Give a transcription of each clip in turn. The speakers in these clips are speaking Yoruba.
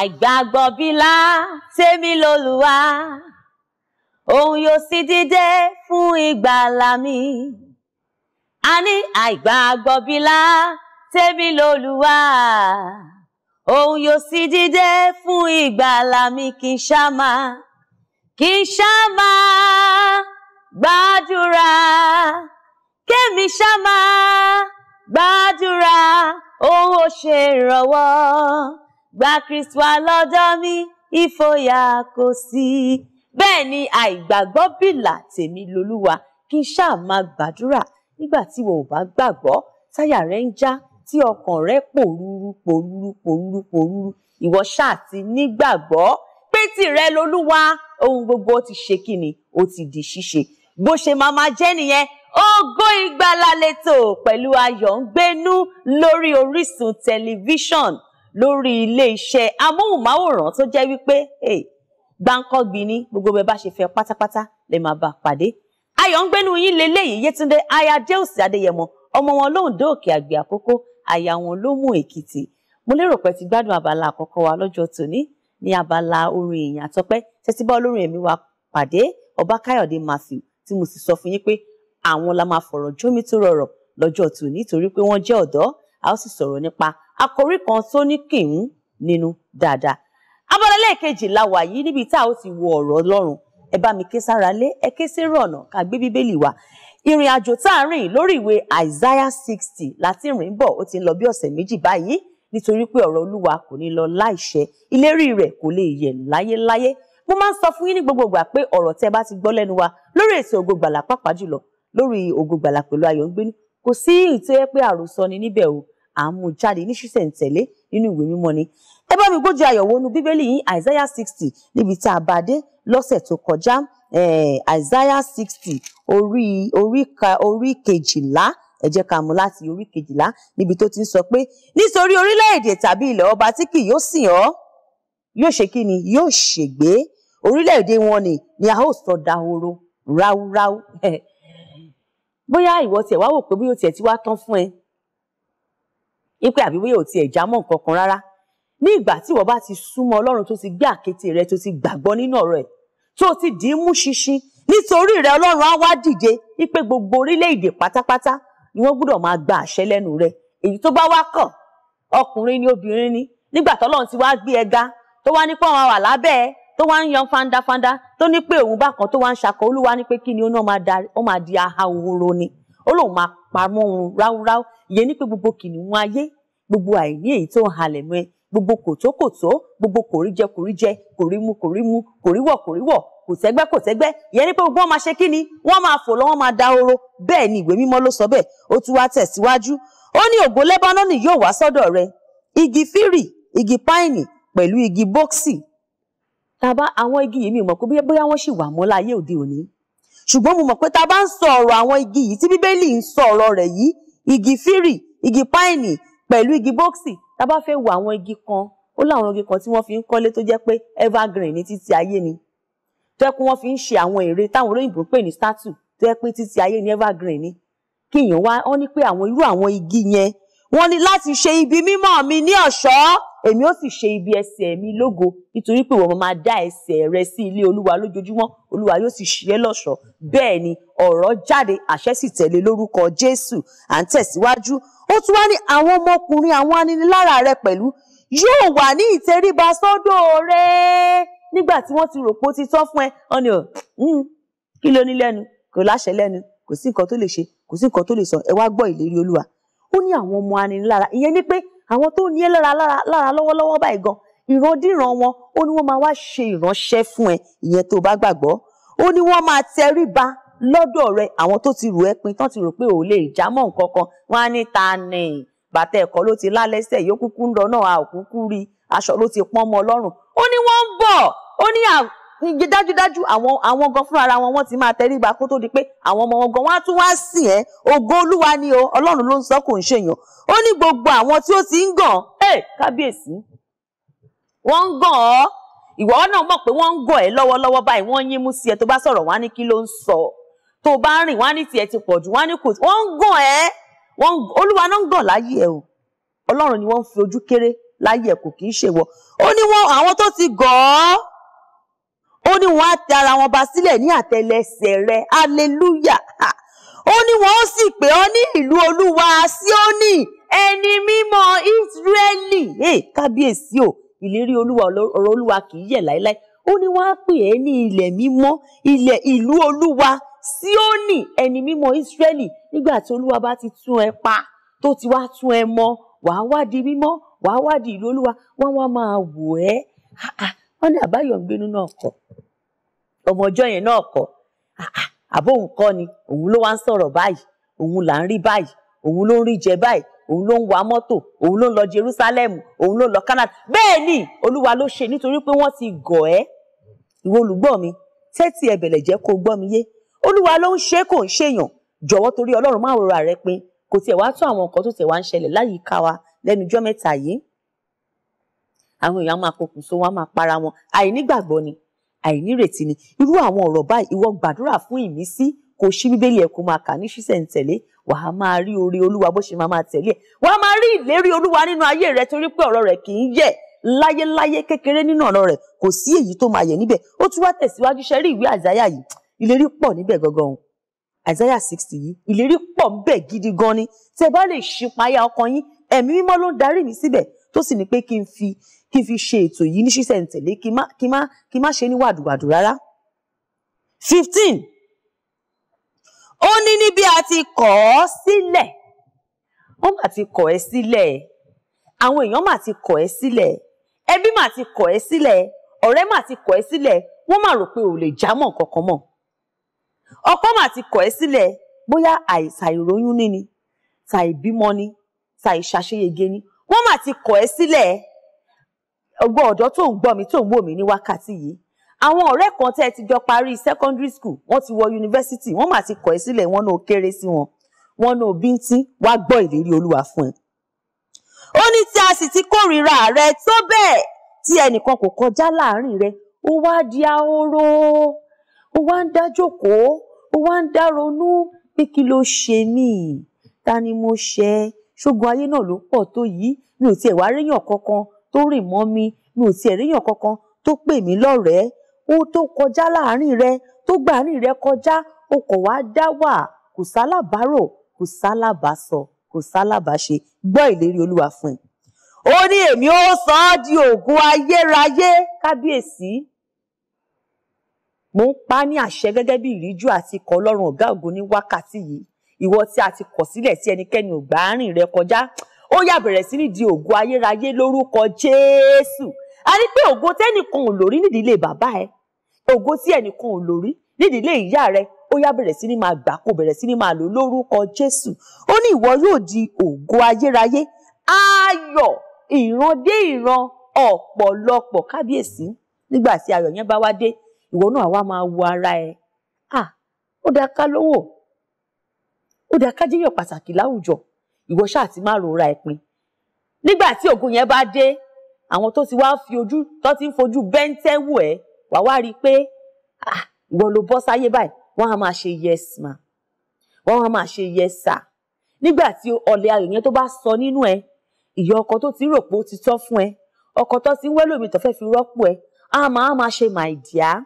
àìgbàgbọ́ bílá tèmi lolúwa òun yóò sì dìde fún ìgbàlà mi a ní àìgbàgbọ́ bílá tèmi lolúwa òun yóò sì dìde fún ìgbàlà mi kì í ṣá kì í ṣá gbàdúrà kémi ṣá gbàdúrà òun ò ṣe ìrànwọ́ gba Kristi wá lọ́jọ́ mi ìfòyà kò sí. bẹ́ẹ̀ ni àìgbàgbọ́ bìlà tèmi lolúwa kí n ṣáà máa gbàdúrà nígbà tí wọn ò bá gbàgbọ́ táyà rẹ ń já tí ọkàn rẹ pòrúurú pòrúurú pòrúurú pòrúurú ìwọ ṣáà ti nígbàgbọ́ pé tìrẹ lolúwa ohun gbogbo ti ṣe kí ni ó ti di ṣíṣe bó ṣe máa máa jẹ́ nìyẹn Ògo Ìgbàlà lẹ́tọ̀ pẹ̀lú Ayọ̀ǹgbénú lórí Orísun tẹlifíṣàn lórí iléeṣẹ́ amóhùnmáwòrán tó jẹ́ wípé gbáǹkọ́gbì ní gbogbo bẹ́ẹ̀ bá ṣe fẹ́ pátápátá lè máa bá a pàdé. ayọ̀ ń gbénu yín leléyìí yétúndé aya déòsì adéyẹmọ ọmọ wọn lóǹdó òkè àgbẹ̀ àkókò àyà wọn ló mú èkìtì mo lérò pé ti gbádùn abala àkọ́kọ́ wa lọ́jọ́ tòní ní abala orin èèyàn àtọpẹ́ tẹ́tí bá olórin ẹ̀mí wa pàdé ọba káyọ̀dé matthew tí mo sì sọ fún yín pé àwọn la máa fọ̀rọ̀ jómi tó rọrọ̀ lọ́jọ́ tòní torí pé wọ́n jẹ́ ọ̀dọ́ a ó sì sọ̀rọ̀ nípa àkòrí kan tó ní kìín nínú dáadáa abala lẹ́ẹ̀kejì la wà yìí níbi tá a ó ti wo ọ̀rọ̀ Ọlọ́run ẹ bá mi ké sára lé ẹ ké sérò ọ̀nà ká gbé bíbélì wa ìrìn àjò tá a rìn lórí ìwé Isaiah sixty láti rìn bọ̀ ó ti ń lọ bí ọ̀sẹ̀ méjì báyìí nítorí pé ọ̀rọ̀ Olúwa kò ní lọ láìṣẹ ìlérí rẹ̀ kò lè yẹ láyéláyé mo máa ń sọ fún yín ní gbogbo pé ọ̀rọ̀ tẹ́ bá ti gbọ́ lẹ́nu wa lórí ètò Ògo Ìgbàlà pàápàá jùlọ lórí Ògo Ìgbàlà pẹ̀lú Ayọ̀ngbénu kò sí ìtẹ́yẹ́ pé àròsọ ni níbẹ̀ o à ń mú jáde ní ṣísẹ̀ntẹ̀lé nínú ìwé mímọ́ ni ẹ bá mi gbójú ayọ̀ wọnú bíbélì yín Isaiah sixty níbi tá a bá dé lọ́sẹ̀ tó kọjá Isaiah sixty orí orí ka orí kejìlá ẹ jẹ́ ká mú láti orí kejìlá níbi tó ti ń sọ pé nítorí orílẹ̀-èdè tàbí ilẹ̀ ọba tí kì yóò sìn ọ́ yóò ṣe kí ni yóò ṣègbé orílẹ̀-èdè wọn ni ni a ó sọ dahoro ráúráú bóyá ìwọ tiẹ̀ wá wò pé bí o tiẹ̀ ti wá tán fún ẹ ipe àbí bóyá ò tiẹ̀ já mọ́ nǹkan kan rárá ní ìgbà tí ìwọ bá ti súnmọ́ Ọlọ́run tó ti gbé àkété rẹ tó ti gbàgbọ́ nínú ọ̀rọ̀ ẹ̀ tó ti dì í mú ṣinṣin nítorí rẹ Ọlọ́run á wá dìde ipe gbogbo orílẹ̀-èdè pátápátá ni wọ́n gbọ́dọ̀ máa gba àṣẹ lẹ́nu rẹ èyí tó bá wá kàn ọkùnrin ni obìnrin ni nígbà tọ́lọ́run ti wá gbé ẹ ga tó wá ní pé àwọn wà lábẹ́ ẹ tó wá ń yan fandafanda tó ní pé òun bákan tó wá ń ṣakọ olúwa ní pé kí ni ó náà máa di aha ni ó lóun máa pamọ́ òun ráúráú ìyẹn ni pé gbogbo kìnìún ayé gbogbo àìní èyí tó ń halẹ̀ mọ́ ẹ gbogbo kòtókòtó gbogbo kòríjẹ kòríjẹ kòrímu kòrímu kòríwọ̀ kòríwọ̀ kò tẹ́gbẹ́ kò tẹ́gbẹ́ ìyẹn ni pé gbogbo wọn máa ṣe kí ni wọ́n máa fò lọ wọ́n máa da horo bẹ́ẹ̀ ni ìwé mímọ́ ló sọ bẹ́ẹ̀ ó tún wá tẹ̀síwájú ó ní ògo lẹ́bánọ́nì yóò wá sọ́dọ̀ rẹ igi fírì igi páìnì pẹ̀lú igi bọ́ksì tàbá àwọn igi yìí mi mọ̀ pé bóyá wọ́n sì wà mọ́ láyé òde òní ṣùgbọ́n mo mọ̀ pé tá ń sọ ọ̀rọ̀ àwọn igi yìí tí bíbélì ń sọ ọ̀rọ̀ rẹ̀ yìí igi fírì igi páìnì pẹ̀lú igi bọ́ksì tá a bá fẹ́ wo àwọn igi kan ó láwọn igi kan tí wọ́n fi ń kọ́lé tó jẹ́ pé evergreen ní títí ayé ni tó yẹ pé wọ́n fi ń ṣe àwọn ère táwọn olóyìnbó pè ní statue tó yẹ pé títí ayé ni evergreen ni kíyàn wá wọ́n ní pé àwọn irú àwọn igi yẹn wọ́n ní láti ṣe ibi mímọ́ mi ní ọ̀ṣọ́ èmi ó sì ṣe ibi ẹsẹ̀ mi lógo nítorí pé ìwọ mo máa dá ẹsẹ̀ rẹ sí ilé olúwa lójoojúmọ́ olúwa yóò sì ṣe é lọ́ṣọ̀ọ́ bẹ́ẹ̀ ni ọ̀rọ̀ jáde àṣẹ sì tẹ̀lé lórúkọ jésù à ń tẹ̀síwájú ó tún wá ní àwọn ọmọkùnrin àwọn aninilára rẹ pẹ̀lú yóò wà ní ìtẹríba sọ́dọ̀ rẹ nígbà tí wọ́n ti rò pé ó ti tán fún ẹ ọ ni ọ kí ló ní lẹ́nu kò láṣẹ lẹ́nu kò sí nǹkan tó lè ṣe kò sí nǹkan tó lè sọ ẹ wá gbọ́ ìlérí olúwa ó ní àwọn ọmọ aninilára ìyẹn ni pé àwọn tó ní ẹ lára lára lọ́wọ́lọ́wọ́ báyìí gan ìrandíran wọn ó ní wọ́n máa wá ṣe ìránṣẹ́ fún ẹ ìyẹn tó bá gbàgbọ́ ó ní wọ́n máa tẹríba lọ́dọ̀ rẹ àwọn tó ti rò ẹ́ pin tán ti rò pé ò lè já mọ́ nǹkan kan wọ́n á ní ta ni bàtà ẹ̀kọ́ ló ti lálẹ́sẹ̀ yóò kúkú ń dán náà a ò kúkú rí aṣọ ló ti pọ́n mọ́ ọlọ́run ó ní wọ́n ń bọ̀ ó ní dájúdájú àwọn àwọn gan fúnra ara wọn wọ́n ti máa tẹríba kó tó di pé àwọn ọmọ wọn gan wọ́n á tún wá sí ẹ ògo olúwa ni o ọlọ́run ló ń sọ kò ń ṣèyàn ó ní gbogbo àwọn tí ó ti ń gàn ẹ kábíyèsí wọ́n ń gàn ọ́ ìwọ náà mọ̀ pé wọ́n ń gàn ẹ́ lọ́wọ́lọ́wọ́ báyìí wọ́n ń yín mú sí ẹ tó bá sọ̀rọ̀ wá ní kí ló ń sọ tó bá ń rìn wá ní tiẹ̀ ti pọ̀ jù wá ní kò wọ́n ń gàn ẹ́ wọ́n olúwa náà ń gàn láyé ẹ o ọlọ́run ni wọ́n ń fi ojú kéré láyé ẹ kò kì í ṣèwọ ó ní wọn àwọn tó ti gàn ọ́ ó ní wọn á tẹ ara wọn ba sílẹ̀ ní àtẹlẹsẹ̀ rẹ hallelujah ó ní wọn ó sì pè ọ́ ní ìlú olúwa Síónì ẹni mímọ́ Ísírẹ́lì kábíyèsí o ìlérí olúwa ọ̀rọ̀ olúwa kì í yẹ̀ láéláé ó ní wọn á pè ẹ́ ní ilẹ̀ mímọ́ ilẹ̀ ìlú olúwa Síónì ẹni mímọ́ Ísírẹ́lì nígbà tí olúwa bá ti tún ẹ pa tó ti wá tún ẹ mọ́ wàá wá di mímọ́ wàá wá di ìlú olúwa wọn wá máa wò ẹ́ wọ́n ní àbáyọ̀ ń gbénú náà kọ̀ ọmọ ọjọ́ yẹn náà kọ́ àbó òun kọ́ ni òun ló wá ń sọ̀rọ̀ báyìí òun là ń rí báyìí òun ló ń rí jẹ báyìí òun ló ń wa mọ́tò òun ló ń lọ Jerusalem òun ló ń lọ Canada bẹ́ẹ̀ ni olúwa ló ṣe nítorí pé wọ́n ti gọ̀ ẹ́ ìwọ olùgbọ́ mi tẹ́tí ẹ̀bẹ̀lẹ̀ jẹ́ kó gbọ́ mi yé olúwa ló ń ṣe kò ń ṣèyàn jọ̀wọ́ torí ọlọ́run má rora rẹ pé kò tiẹ̀ wá tó àwọn nǹkan tó tiẹ̀ wá ń ṣẹlẹ̀ láyìíká wa lẹ́nu ijọ́ mẹ́ta yìí àwọn èèyàn máa pokùnso wọn máa para wọn àìnígbàgbọ́ ni àìnírètí ni irú àwọn ọ̀rọ̀ báyìí ìwọ gbàdúrà fún ìmísí kò sí bíbélì ẹ̀ kó máa kà ní ṣísẹ̀ntẹ̀lé wà á máa rí oore olúwa bó ṣe máa máa tẹ̀lé wà á máa rí ìlérí olúwa nínú ayé rẹ torí pé ọ̀rọ̀ rẹ̀ kì í yẹ̀ láyéláyé kékeré nínú ọ̀rọ̀ rẹ̀ kò sí èyí tó máa yẹ̀ níbẹ̀ ó tún wá tẹ̀síwájú ṣe rí ìwé àzáyà yìí ìlérí pọ̀ níbẹ̀ gangan àzáyà sixty yìí ìlérí pọ̀ níbẹ̀ gidi gan ni tẹ bá lè ṣípayá ọkàn yín ẹ̀mí mímọ́ ló ń darí mi síbẹ̀ tó sì ní pé kí n fi kí n fi ṣe ètò yìí ní ṣísẹ̀ntẹ̀lé kí n má kí n má kí n má ṣe ní wàdùwàdù rárá. fifteen ó ní ní bí a ti kọ̀ ọ́ sílẹ̀ wọ́n mà ti kọ̀ ẹ́ sílẹ̀ àwọn èèyàn mà ti kọ̀ ẹ́ sílẹ̀ ẹbí mà ti kọ̀ ẹ́ sílẹ̀ ọ̀rẹ́ mà ti kọ̀ ẹ́ sílẹ̀ wọ́n mà rò pé ò lè já mọ́ kankan mọ́ ọkọ mà ti kọ̀ ẹ́ sílẹ̀ bóyá àìsàn ìròyún níní tàìbímọ ni tàìṣàṣeyege ni wọ́n mà ti kọ̀ ẹ́ sílẹ̀ ọgbọ́n ọ̀dọ́ tó ń gbọ́ mi tó ń wò mí ní wákàtí yìí àwọn ọ̀rẹ́ kan tẹ́ ẹ ti jọ parí secondary school wọ́n ti wọ yunifásitì wọ́n mà ti kọ̀ ẹ́ sílẹ̀ wọ́n náà kéré sí wọn wọ́n náà bíntín wá gbọ́ ìlérí olúwa fún ẹ. ó ní tí a sì ti kórìíra rẹ tó bẹ́ẹ̀ tí ẹnìkan kò kọjá láàrin rẹ ó wá di ahoro ó wá ń dá ó wá ń dá pé kí ló ṣe mí ta ni mo ṣe ṣógun ayé náà ló pọ̀ tó yìí mi ò tiẹ̀ wá réyàn kankan tó rìn mọ́ mi mi ò tiẹ̀ réyàn kankan tó pè mí lọ́rẹ̀ẹ́ ó tó kọjá láàárín rẹ tó gbà àárín rẹ kọjá ó kọ̀ wá dá wà kò sálábàárò kò sálábàásọ kò sálábàáṣe gbọ́ ìlérí olúwa fún ẹ. ó ní èmi ó sọ ọ́ di ògùn ayérayé kábíyèsí mo ń pa á ní àṣẹ gẹ́gẹ́ bí ìríjú àti ikọ̀ ọlọ́run ọ̀gá ògo ní wákàtí yìí ìwọ tí a ti kọ̀ sílẹ̀ tí ẹnikẹ́ni ò gbà á rìn rẹ kọjá ó yá bẹ̀rẹ̀ sí ní di ògo ayérayé lórúkọ Jésù a rí pé ògo tẹ́nìkan ò lórí nídìílé bàbá ẹ ògo tí ẹnìkan ò lórí nídìílé ìyá rẹ ó yá bẹ̀rẹ̀ sí ní máa gbà kó bẹ̀rẹ̀ sí ní máa lò lórúkọ Jésù ó ní ìwọ yóò di ògo ayérayé ayọ̀ ìran dé ìran ọ̀pọ̀lọpọ̀ kábíyèsí nígbà tí ayọ̀ yẹn bá wá dé ìwọ náà wá máa wo ara ẹ ah ó dáa ká lówó ó dáa ká jẹ́yàn pàtàkì láwùjọ ìwọ ṣáà ti má rora ẹ̀ pin nígbà tí ògo yẹn bá dé àwọn tó ti wá fi ojú tó ti ń fojú bẹ́ńtẹ́ wù ẹ́ wá rí i pé ah, ìwọ ló bọ́ sáyé báyìí wọ́n á máa ṣe yes ma wọ́n á máa ṣe yes sir nígbà tí ọ̀lẹ ayò yẹn tó bá sọ nínú ẹ ìyá ọkọ tó ti rò pé ó ti tọ́ fún ẹ ọkọ tó ti ń wẹ́lò mi tó fi rọ́pò ẹ á máa máa ṣe my dear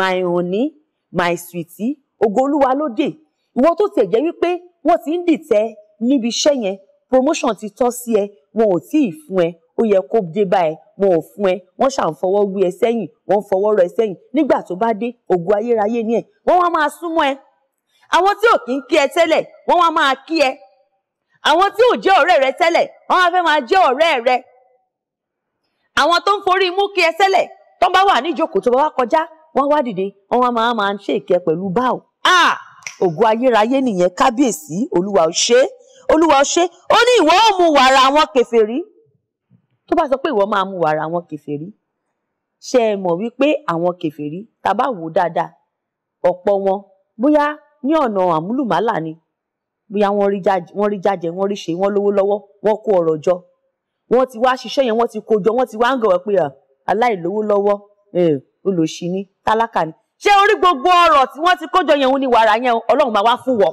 my honey my sweetie ògo olúwa ló ìwọ tó tiẹ̀ jẹ́ wípé wọ́n ti ń dìtẹ̀ níbi iṣẹ́ yẹn promotion ti tọ́ sí ẹ wọn ò tí ì fún ẹ ó yẹ kó dé bá ẹ wọn ò fún ẹ wọ́n ṣà ń fọwọ́ gbé ẹ sẹ́yìn wọ́n ń fọwọ́ rọ ẹ sẹ́yìn nígbà tó bá dé ògo ayérayé ni ẹ wọ́n wá máa súnmọ́ ẹ àwọn tí ò kí ń kí ẹ tẹ́lẹ̀ wọ́n wá máa kí ẹ àwọn tí ò jẹ́ ọ̀rẹ́ rẹ tẹ́lẹ̀ wọ́n wá fẹ́ máa jẹ́ ọ̀rẹ́ rẹ àwọn tó ń forí mú kí ẹ tẹ́lẹ̀ tó bá wà níjókòó tó bá wá kọjá wọ́n wá dìde wọ́n wá máa máa ń ṣèkẹ́ pẹ̀lú báwo ah! ògo ayérayé nìyẹn kábíyèsí olúwa ó ṣe olúwa ó ṣe ó ní ìwọ ó mu wàrà àwọn kèfèrí tó bá sọ pé ìwọ máa mu wàrà àwọn kèfèrí ṣe é mọ̀ wípé àwọn kèfèrí tá wò dáadáa ọ̀pọ̀ wọn bóyá ní ọ̀nà àmúlùmálà ni bóyá wọ́n rí jájẹ wọ́n rí ṣe wọ́n lówó lọ́wọ́ wọ́n kó ọrọ̀ jọ wọ́n ti wá ṣiṣẹ́ yẹn wọ́n ti kó jọ wọ́n ti wá ń gọ̀wọ́ pé aláìlówó lọ́wọ́ olòṣì ni tálákà ni ṣé orí gbogbo ọrọ̀ tí wọ́n ti kójọ yẹn òun ni wàrà yẹn ọlọ́run máa wá fún wọ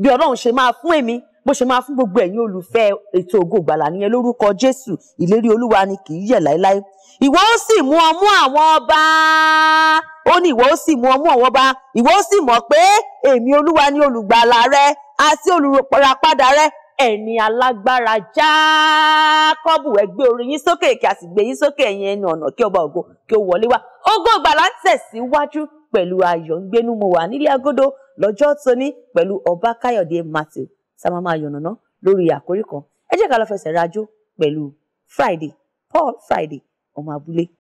bí ọlọ́run ṣe máa fún èmi bó ṣe máa fún gbogbo ẹ̀yin olùfẹ́ ètò Ògo Ìgbàlà nìyẹn lórúkọ Jésù ìlérí olúwa ni kì í yẹ̀ láéláé ìwọ ó sì mú ọmú àwọn ọba ó ní ìwọ ó sì mú ọmú àwọn ọba ìwọ ó sì mọ̀ pé èmi olúwa ni olùgbàlà rẹ àti olùràpadà rẹ ẹni alágbára jákọ́bù ẹgbẹ́ orin yín sókè kí a sì gbé yín sókè ẹ̀yin ẹnu ọ̀nà kí ọba ògo kí ó wọlé wá ògo la ń tẹ̀síwájú pẹ̀lú ayọ̀ ń gbénú mo wà nílé agodo lọ́jọ́ tóní pẹ̀lú ọba káyọ̀dé matthew samama yànnàná lórí àkórí kan ẹ jẹ́ ká lọ fẹsẹ̀ rajó pẹ̀lú friday paul friday ọmọ abúlé